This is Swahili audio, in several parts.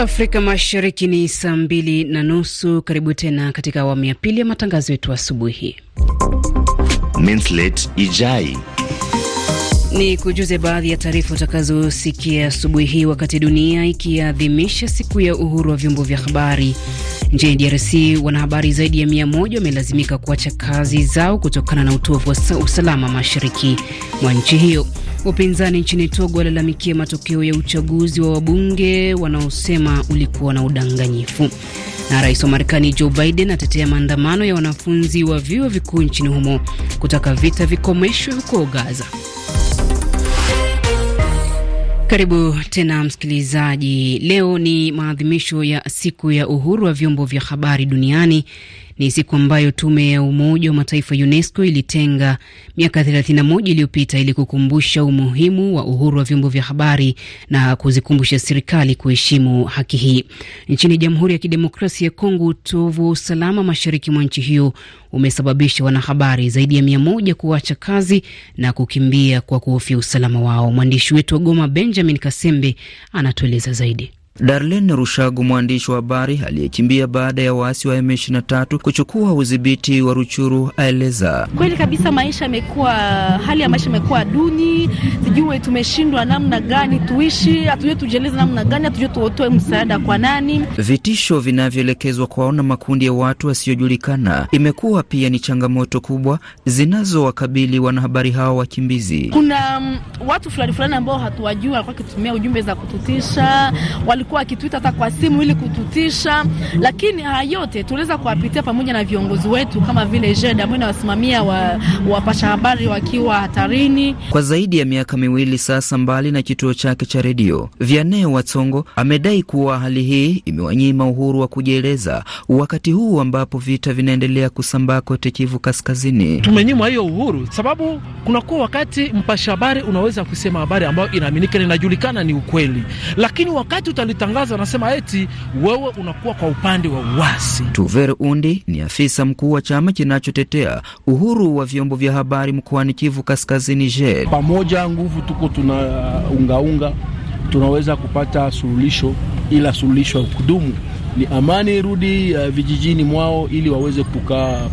Afrika Mashariki ni saa mbili na nusu. Karibu tena katika awamu ya pili ya matangazo yetu asubuhi. Minslet Ijai ni kujuze baadhi ya taarifa utakazosikia asubuhi hii. Wakati dunia ikiadhimisha siku ya uhuru wa vyombo vya habari, nchini DRC wanahabari zaidi ya mia moja wamelazimika kuacha kazi zao kutokana na utovu wa usalama mashariki mwa nchi hiyo. Upinzani nchini Togo walalamikia matokeo ya uchaguzi wa wabunge wanaosema ulikuwa na udanganyifu. Na rais wa Marekani Joe Biden atetea maandamano ya wanafunzi wa vyuo vikuu nchini humo kutaka vita vikomeshwe huko Gaza. Karibu tena msikilizaji. Leo ni maadhimisho ya siku ya uhuru wa vyombo vya habari duniani ni siku ambayo tume ya Umoja wa Mataifa UNESCO ilitenga miaka 31 iliyopita ili kukumbusha umuhimu wa uhuru wa vyombo vya habari na kuzikumbusha serikali kuheshimu haki hii. Nchini Jamhuri ya Kidemokrasia ya Kongo, utovu wa usalama mashariki mwa nchi hiyo umesababisha wanahabari zaidi ya mia moja kuacha kazi na kukimbia kwa kuhofia usalama wao. Mwandishi wetu wa Goma, Benjamin Kasembe, anatueleza zaidi. Darlene Rushagu, mwandishi wa habari aliyekimbia baada ya waasi wa M23 kuchukua udhibiti wa Ruchuru, aeleza kweli kabisa, maisha amekuwa hali ya maisha imekuwa duni, sijue tumeshindwa namna gani tuishi, hatujue tujieleze namna gani, hatujue tuotoe msaada kwa nani. Vitisho vinavyoelekezwa kwaona makundi ya watu wasiojulikana imekuwa pia ni changamoto kubwa zinazowakabili wanahabari hao wakimbizi. Kuna mm, watu fulani fulani ambao hatuwajua, walikuwa wakitumia ujumbe za kututisha wale alikuwa akituita hata kwa simu ili kututisha, lakini haya yote tuliweza kuwapitia pamoja na viongozi wetu kama vile Jed ambaye anawasimamia wapasha habari wakiwa hatarini kwa zaidi ya miaka miwili sasa. Mbali na kituo chake cha redio, Vianney Watsongo amedai kuwa hali hii imewanyima uhuru wa kujieleza wakati huu ambapo vita vinaendelea kusambaa kote Kivu Kaskazini. Tumenyimwa hiyo uhuru sababu kunakuwa wakati mpasha habari unaweza kusema habari ambayo inaaminika na inajulikana ni ukweli, lakini wakati uta walitangaza, wanasema eti wewe unakuwa kwa upande wa uasi. Tuver Undi ni afisa mkuu wa chama kinachotetea uhuru wa vyombo vya habari mkoani Kivu Kaskazini. Je, pamoja nguvu tuko tunaungaunga, tunaweza kupata suluhisho, ila suluhisho ya kudumu ni amani irudi uh, vijijini mwao ili waweze kukaa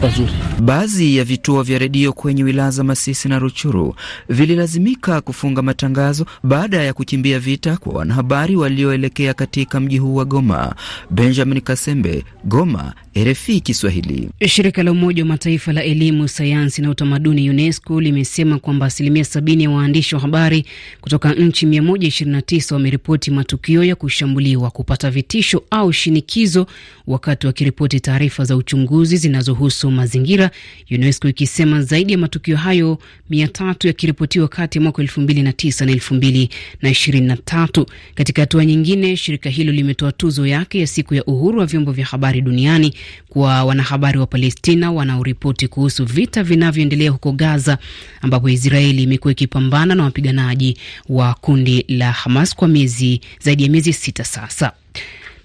pazuri. Baadhi ya vituo vya redio kwenye wilaya za Masisi na Ruchuru vililazimika kufunga matangazo baada ya kukimbia vita kwa wanahabari walioelekea katika mji huu wa Goma. Benjamin Kasembe, Goma, RFI Kiswahili. Shirika la Umoja wa Mataifa la elimu, sayansi na utamaduni UNESCO limesema kwamba asilimia sabini ya waandishi wa habari kutoka nchi 129 wameripoti matukio ya kushambuliwa, kupata vitisho au shinikizo wakati wakiripoti taarifa za uchunguzi zinazohusu mazingira, UNESCO ikisema zaidi ya matukio hayo 300 yakiripotiwa kati ya mwaka 2009 na 2023. Katika hatua nyingine, shirika hilo limetoa tuzo yake ya siku ya uhuru wa vyombo vya habari duniani kwa wanahabari wa Palestina wanaoripoti kuhusu vita vinavyoendelea huko Gaza, ambapo Israeli imekuwa ikipambana na wapiganaji wa kundi la Hamas kwa miezi zaidi ya miezi sita sasa.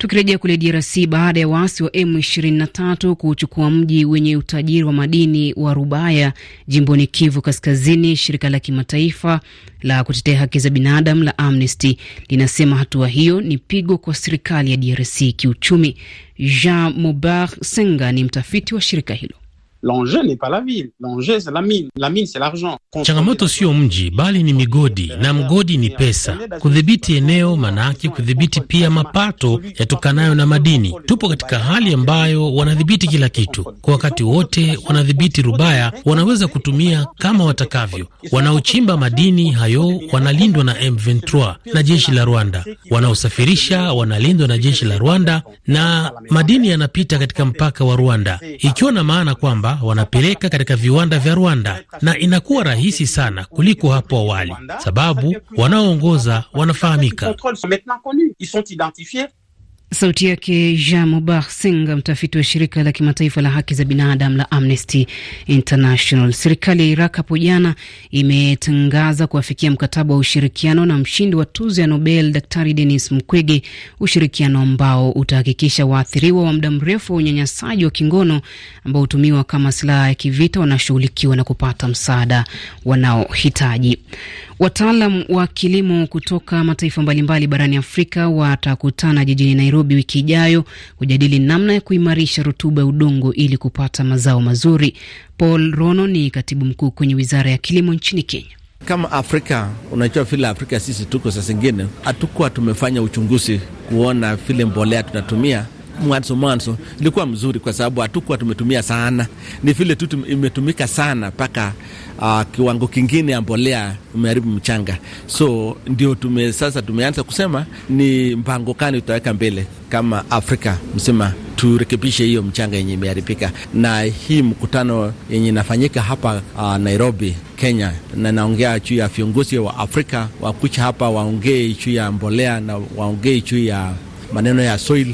Tukirejea kule DRC, baada ya waasi wa M23 kuchukua mji wenye utajiri wa madini wa Rubaya jimboni Kivu Kaskazini, shirika la kimataifa la kutetea haki za binadamu la Amnesty linasema hatua hiyo ni pigo kwa serikali ya DRC kiuchumi. Jean Mobert Senga ni mtafiti wa shirika hilo. L'enjeu n'est pas la ville, l'enjeu c'est la mine. La mine c'est l'argent. Changamoto sio mji bali ni migodi, na mgodi ni pesa. Kudhibiti eneo maanake kudhibiti pia mapato yatokanayo na madini. Tupo katika hali ambayo wanadhibiti kila kitu kwa wakati wote, wanadhibiti Rubaya, wanaweza kutumia kama watakavyo. Wanaochimba madini hayo wanalindwa na M23 na jeshi la Rwanda, wanaosafirisha wanalindwa na jeshi la Rwanda, na madini yanapita katika mpaka wa Rwanda, ikiwa na maana kwamba wanapeleka katika viwanda vya Rwanda na inakuwa rahisi sana kuliko hapo awali, sababu wanaoongoza wanafahamika. Sauti yake Jean Mubar Singa, mtafiti wa shirika la kimataifa la haki za binadamu la Amnesty International. Serikali ya Iraq hapo jana imetangaza kuafikia mkataba wa ushirikiano na mshindi wa tuzo ya Nobel Daktari Denis Mukwege, ushirikiano ambao utahakikisha waathiriwa wa muda mrefu wa unyanyasaji wa kingono ambao hutumiwa kama silaha ya kivita wanashughulikiwa na kupata msaada wanaohitaji. Wataalam wa kilimo kutoka mataifa mbalimbali barani Afrika watakutana jijini Nairobi wiki ijayo kujadili namna ya kuimarisha rutuba ya udongo ili kupata mazao mazuri. Paul Rono ni katibu mkuu kwenye wizara ya kilimo nchini Kenya. Kama Afrika unajua vile Afrika sisi tuko saa zingine hatukuwa tumefanya uchunguzi kuona vile mbolea tunatumia mwanzo mwanzo ilikuwa mzuri, kwa sababu hatukuwa tumetumia sana, ni vile tu imetumika sana mpaka uh, kiwango kingine ya mbolea umeharibu mchanga. So ndio tume, sasa tumeanza kusema ni mpango kani tutaweka mbele kama Afrika msema turekebishe hiyo mchanga yenye imeharibika. Na hii mkutano yenye inafanyika hapa uh, Nairobi, Kenya, na naongea juu ya viongozi wa Afrika wakucha hapa waongee juu ya mbolea na waongee juu ya maneno ya soil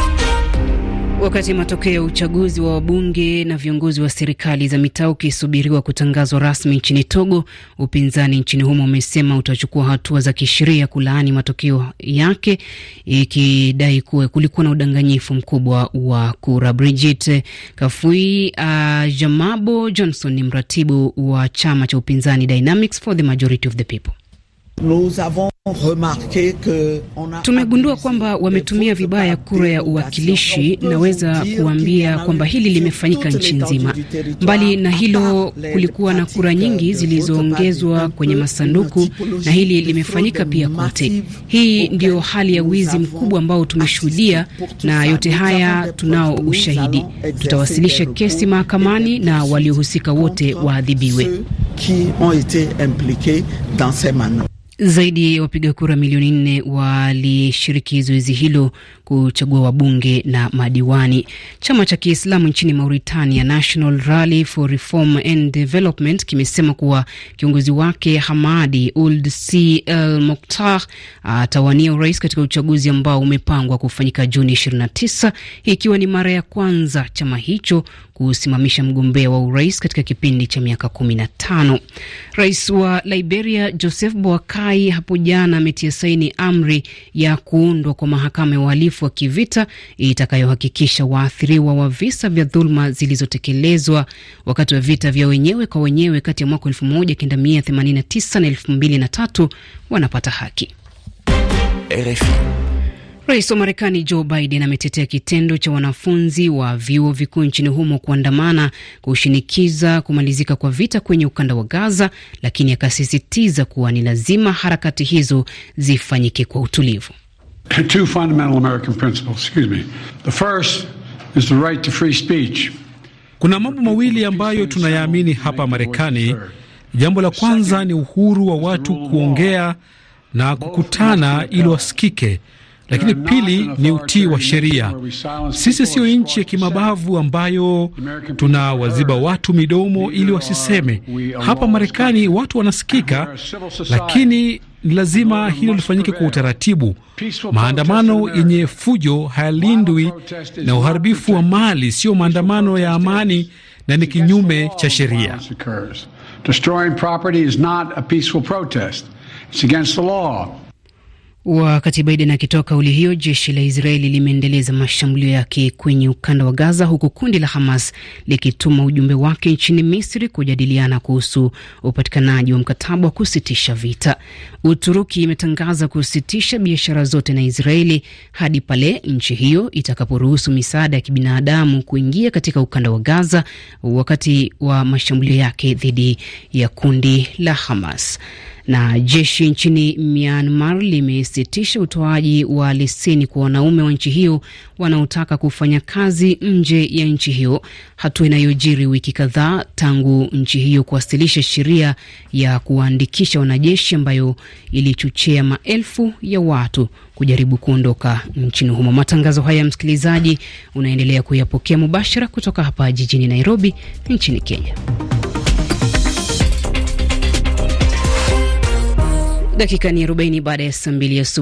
Wakati matokeo ya uchaguzi wa wabunge na viongozi wa serikali za mitaa ukisubiriwa kutangazwa rasmi nchini Togo, upinzani nchini humo umesema utachukua hatua za kisheria kulaani matokeo yake, ikidai kuwa kulikuwa na udanganyifu mkubwa wa kura. Brigit Kafui uh, Jamabo Johnson ni mratibu wa chama cha upinzani Dynamics for the Majority of the People. Tumegundua kwamba wametumia vibaya kura ya uwakilishi. Naweza kuambia kwamba hili limefanyika nchi nzima. Mbali na hilo, kulikuwa na kura nyingi zilizoongezwa kwenye masanduku, na hili limefanyika pia kote. Hii ndiyo hali ya wizi mkubwa ambao tumeshuhudia, na yote haya tunao ushahidi. Tutawasilisha kesi mahakamani na waliohusika wote waadhibiwe. Zaidi ya wapiga kura milioni nne walishiriki zoezi hilo kuchagua wabunge na madiwani. Chama cha Kiislamu nchini Mauritania, National Rally for Reform and Development, kimesema kuwa kiongozi wake Hamadi Ould C El Moktar atawania urais katika uchaguzi ambao umepangwa kufanyika Juni 29, ikiwa ni mara ya kwanza chama hicho kusimamisha mgombea wa urais katika kipindi cha miaka kumi na tano. Rais wa Liberia Joseph Boakai hapo jana ametia saini amri ya kuundwa kwa mahakama ya uhalifu wa kivita itakayohakikisha waathiriwa wa visa vya dhuluma zilizotekelezwa wakati wa vita vya wenyewe kwa wenyewe kati ya mwaka 1989 na 2003 wanapata haki. RFI. Rais wa Marekani Joe Biden ametetea kitendo cha wanafunzi wa vyuo vikuu nchini humo kuandamana kushinikiza kumalizika kwa vita kwenye ukanda wa Gaza, lakini akasisitiza kuwa ni lazima harakati hizo zifanyike kwa utulivu. Two fundamental American principles, excuse me. The first is the right to free speech. Kuna mambo mawili ambayo tunayaamini hapa Marekani. Jambo la kwanza ni uhuru wa watu kuongea na kukutana ili wasikike lakini pili ni utii wa sheria. Sisi siyo nchi ya kimabavu ambayo tunawaziba watu midomo ili wasiseme. Hapa Marekani watu wanasikika, lakini ni lazima hilo lifanyike kwa utaratibu. Maandamano yenye fujo hayalindwi, na uharibifu wa mali siyo maandamano ya amani na ni kinyume cha sheria. Destroying property is not a peaceful protest. It's against the law. Wakati Biden akitoa kauli hiyo, jeshi la Israeli limeendeleza mashambulio yake kwenye ukanda wa Gaza, huku kundi la Hamas likituma ujumbe wake nchini Misri kujadiliana kuhusu upatikanaji wa mkataba wa kusitisha vita. Uturuki imetangaza kusitisha biashara zote na Israeli hadi pale nchi hiyo itakaporuhusu misaada ya kibinadamu kuingia katika ukanda wa Gaza, wakati wa mashambulio yake dhidi ya kundi la Hamas. Na jeshi nchini Myanmar limesitisha utoaji wa leseni kwa wanaume wa nchi hiyo wanaotaka kufanya kazi nje ya nchi hiyo, hatua inayojiri wiki kadhaa tangu nchi hiyo kuwasilisha sheria ya kuwaandikisha wanajeshi ambayo ilichochea maelfu ya watu kujaribu kuondoka nchini humo. Matangazo haya ya msikilizaji unaendelea kuyapokea mubashara kutoka hapa jijini Nairobi nchini Kenya. Dakika ni 40 baada ya saa mbili asubuhi.